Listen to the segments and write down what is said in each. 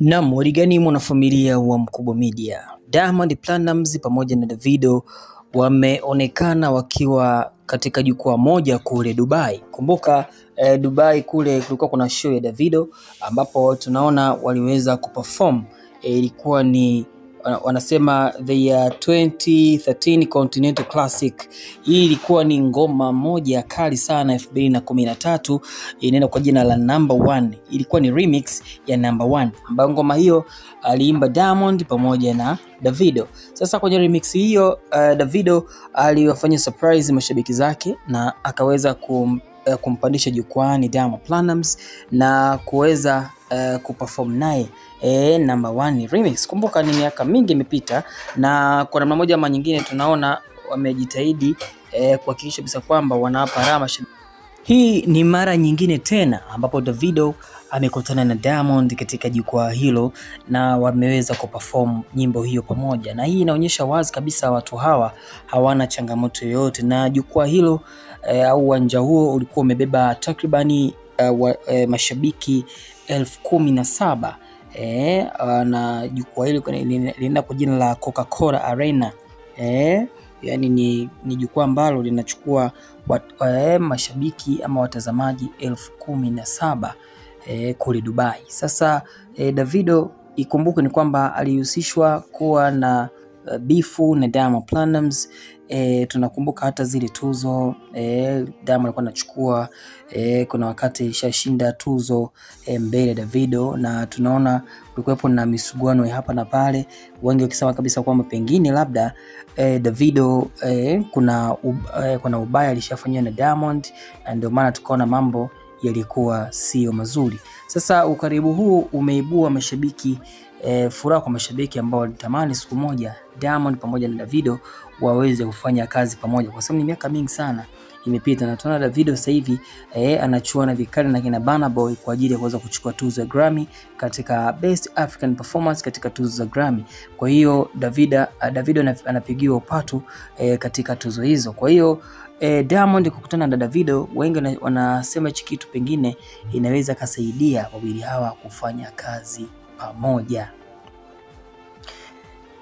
Naam, waligani mwanafamilia wa Mkubwa Media, Diamond Platnumz pamoja na Davido wameonekana wakiwa katika jukwaa moja kule Dubai. Kumbuka eh, Dubai kule kulikuwa kuna show ya Davido ambapo tunaona waliweza kuperform eh, ilikuwa eh, ni wanasema the uh, 2013 Continental Classic. Hii ilikuwa ni ngoma moja kali sana 2013 mbili inaenda kwa jina la number one. Ilikuwa ni remix ya number one ambayo ngoma hiyo aliimba Diamond pamoja na Davido. Sasa kwenye remix hiyo uh, Davido aliwafanya surprise mashabiki zake na akaweza kum uh, kumpandisha jukwaani Diamond Platnumz na kuweza uh, kuperform naye E, number one remix. Kumbuka ni miaka mingi imepita, na kwa namna moja ama nyingine tunaona wamejitahidi e, kuhakikisha kabisa kwamba wanawapa raha mashabiki hii ni mara nyingine tena ambapo Davido amekutana na Diamond katika jukwaa hilo na wameweza kuperform nyimbo hiyo pamoja, na hii inaonyesha wazi kabisa watu hawa hawana changamoto yoyote, na jukwaa hilo eh, au uwanja huo ulikuwa umebeba takribani eh, wa, eh, mashabiki elfu kumi na saba eh, na jukwaa hilo linaenda kwa jina la Coca-Cola Arena eh yani ni, ni jukwaa ambalo linachukua e, mashabiki ama watazamaji elfu kumi na saba e, kule Dubai. Sasa e, Davido ikumbuke ni kwamba alihusishwa kuwa na Eh, bifu na Diamond Platnumz. E, eh, tunakumbuka hata zile tuzo e, Diamond alikuwa anachukua e, kuna wakati ishashinda tuzo e, mbele Davido, na tunaona kulikuwepo na misuguano hapa na pale, wengi wakisema kabisa kwamba pengine labda e, Davido e, kuna, e, kuna ubaya alishafanywa na Diamond, na ndio maana tukaona mambo yalikuwa sio mazuri. Sasa ukaribu huu umeibua mashabiki e, furaha kwa mashabiki ambao walitamani siku moja Diamond pamoja na Davido waweze kufanya kazi pamoja, kwa sababu ni miaka mingi sana imepita na tunaona Davido sasa hivi eh, anachuana vikali na kina Burna Boy kwa ajili ya kuweza kuchukua tuzo ya Grammy katika Best African Performance katika tuzo za Grammy. Kwa hiyo Davida, Davido anapigiwa upatu e, katika tuzo hizo. Kwa hiyo e, Diamond kukutana na Davido, wengi wanasema hichi kitu pengine inaweza kasaidia wawili hawa kufanya kazi pamoja.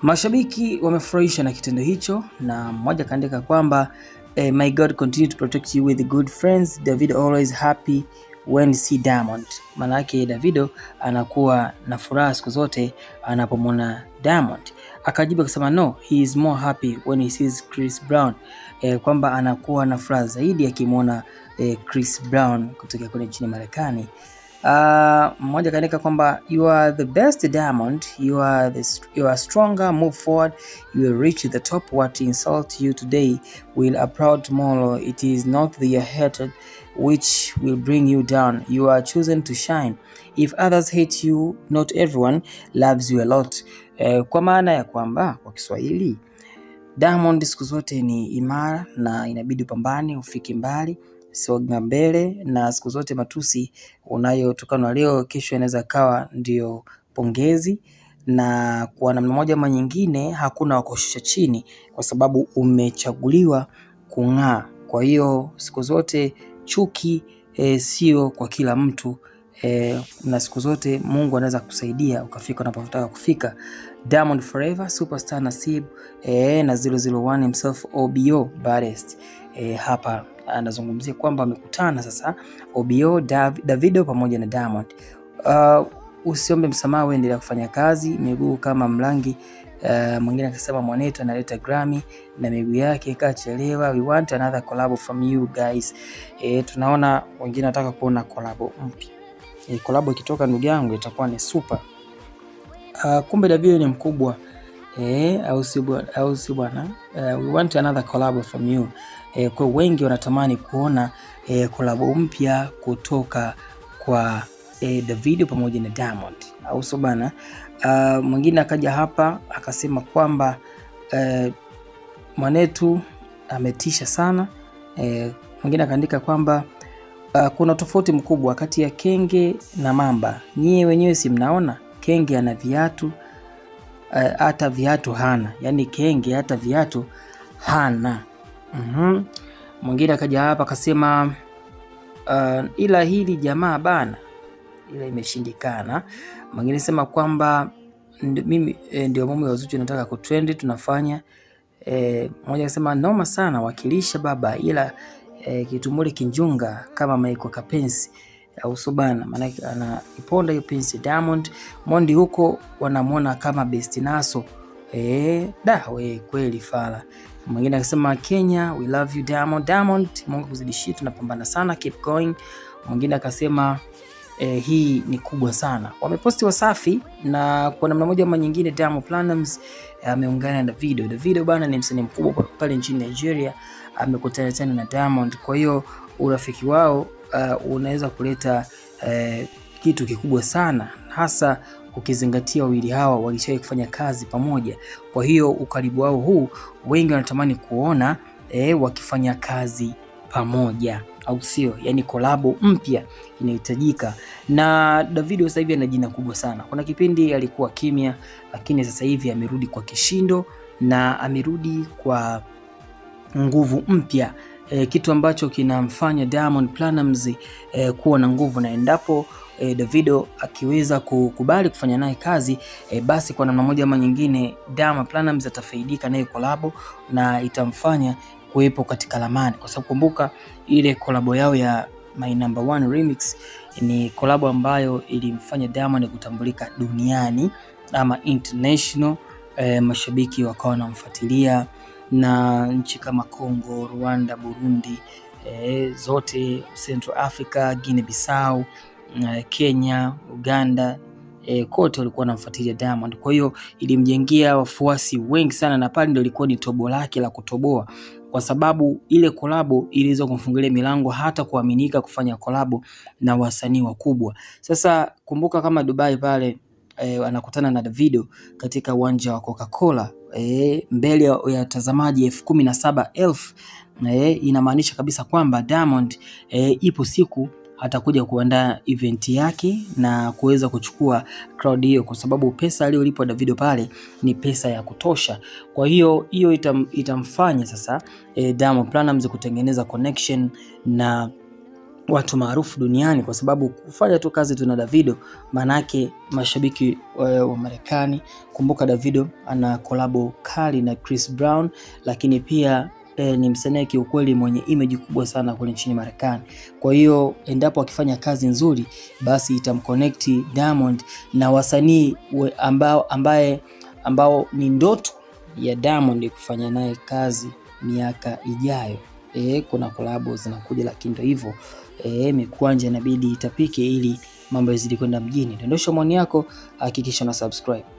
Mashabiki wamefurahishwa na kitendo hicho, na mmoja kaandika kwamba eh, my God continue to protect you with good friends Davido always happy when see Diamond. Maana yake Davido anakuwa na furaha siku zote anapomwona Diamond. Akajibu akasema no he is more happy when he sees Chris Brown, eh, kwamba anakuwa na furaha zaidi akimwona eh, Chris Brown kutoka kule nchini Marekani. Uh, mmoja kaandika kwamba you are the best Diamond, you are the, you are stronger, move forward, you will reach the top. What insult you today will applaud tomorrow. It is not the hatred which will bring you down. You are chosen to shine. If others hate you, not everyone loves you a lot e, kwa maana ya kwamba kwa Kiswahili Diamond siku zote ni imara na inabidi upambane ufike mbali, songa mbele, na siku zote matusi unayotukanwa leo, kesho inaweza kawa ndio pongezi, na kwa namna moja ama nyingine hakuna wakushusha chini, kwa sababu umechaguliwa kung'aa. Kwa hiyo siku zote chuki e, sio kwa kila mtu eh, na siku zote Mungu anaweza kukusaidia ukafika unapotaka kufika. Diamond Forever, Superstar Nasib eh, na 001 himself OBO Barest eh, hapa anazungumzia kwamba amekutana sasa OBO Dav, Davido pamoja na Diamond. Uh, usiombe msamaha, wewe endelea kufanya kazi, miguu kama mlangi Uh, mwingine akasema mwanetu analeta Grammy na miguu yake kachelewa. We want another collab from you guys. E, tunaona wengine wanataka kuona collab mpya. E, kolabo ikitoka ndugu yangu itakuwa ni super. Uh, kumbe Davido ni mkubwa eh, au si bwana au si bwana. Uh, we want another collab from you. Eh, kwa wengi wanatamani kuona eh, collab mpya kutoka kwa eh, Davido pamoja na Diamond au si bwana. Uh, mwingine akaja hapa akasema kwamba eh, mwanetu ametisha sana eh, mwingine akaandika kwamba uh, kuna tofauti mkubwa kati ya kenge na mamba. Nyie wenyewe si mnaona kenge ana viatu eh, hata uh, viatu hana, yaani kenge hata viatu hana. mm Mwingine akaja hapa akasema uh, ila hili jamaa bana, ila imeshindikana. Mwingine sema kwamba mimi e, ndio mume wa Zuchu, nataka kutrend tunafanya e. Mmoja akasema noma sana, wakilisha baba, ila eh, kitumuli kinjunga kama maiko kapensi eh, au Subana, maanake anaiponda hiyo pensi Diamond Mondi, huko wanamwona kama besti naso. Eh, da we kweli fala. Mwingine akasema Kenya we love you Diamond. Diamond, Mungu kuzidishia, tunapambana sana, keep going. Mwingine akasema eh, hii ni kubwa sana. Wameposti Wasafi na kwa namna moja ama nyingine Diamond Platnumz eh, ameungana na Davido. Davido bana ni msanii mkubwa pale nchini Nigeria, amekutana tena na Diamond. Kwa hiyo urafiki wao uh, unaweza kuleta uh, kitu kikubwa sana hasa ukizingatia wawili hawa walishawahi kufanya kazi pamoja. Kwa hiyo ukaribu wao huu wengi wanatamani kuona eh, wakifanya kazi pamoja au sio? Yani kolabo mpya inahitajika, na Davido sasa hivi ana jina kubwa sana. Kuna kipindi alikuwa kimya, lakini sasa hivi amerudi kwa kishindo na amerudi kwa nguvu mpya e, kitu ambacho kinamfanya Diamond Platnumz e, kuwa na nguvu na endapo e, Davido akiweza kukubali kufanya naye kazi e, basi kwa namna moja ama nyingine Diamond Platnumz atafaidika naye kolabo na itamfanya kuwepo katika ramani, kwa sababu kumbuka ile kolabo yao ya My Number One Remix ni kolabo ambayo ilimfanya Diamond kutambulika duniani ama international eh, mashabiki wakawa wanamfuatilia na nchi kama Congo, Rwanda, Burundi eh, zote Central Africa, Guinea Bissau eh, Kenya, Uganda eh, kote walikuwa wanamfuatilia Diamond. Kwa hiyo ilimjengia wafuasi wengi sana, na pale ndio ilikuwa ni tobo lake la kutoboa kwa sababu ile kolabo iliweza kumfungulia milango hata kuaminika kufanya kolabo na wasanii wakubwa. Sasa kumbuka kama Dubai pale E, eh, anakutana na Davido katika uwanja wa Coca-Cola e, mbele ya watazamaji elfu kumi na saba elfu e, inamaanisha kabisa kwamba Diamond e, ipo siku atakuja kuandaa event yake na kuweza kuchukua crowd hiyo, kwa sababu pesa aliyolipwa Davido pale ni pesa ya kutosha. Kwa hiyo hiyo itam, itamfanya sasa e, Diamond Platnumz kutengeneza connection na watu maarufu duniani, kwa sababu kufanya tu kazi tuna Davido, maanake mashabiki eh, wa Marekani. Kumbuka Davido ana kolabo kali na Chris Brown, lakini pia eh, ni msanii kiukweli mwenye image kubwa sana kule nchini Marekani. Kwa hiyo endapo akifanya kazi nzuri, basi itamconnect Diamond na wasanii ambao ambaye ambao ni ndoto ya Diamond kufanya naye kazi miaka ijayo. Eh, kuna kolabo zinakuja, lakini ndio hivyo e, mikwanja inabidi itapike ili mambo yazidi kwenda mjini. Dondosha maoni yako, hakikisha na subscribe.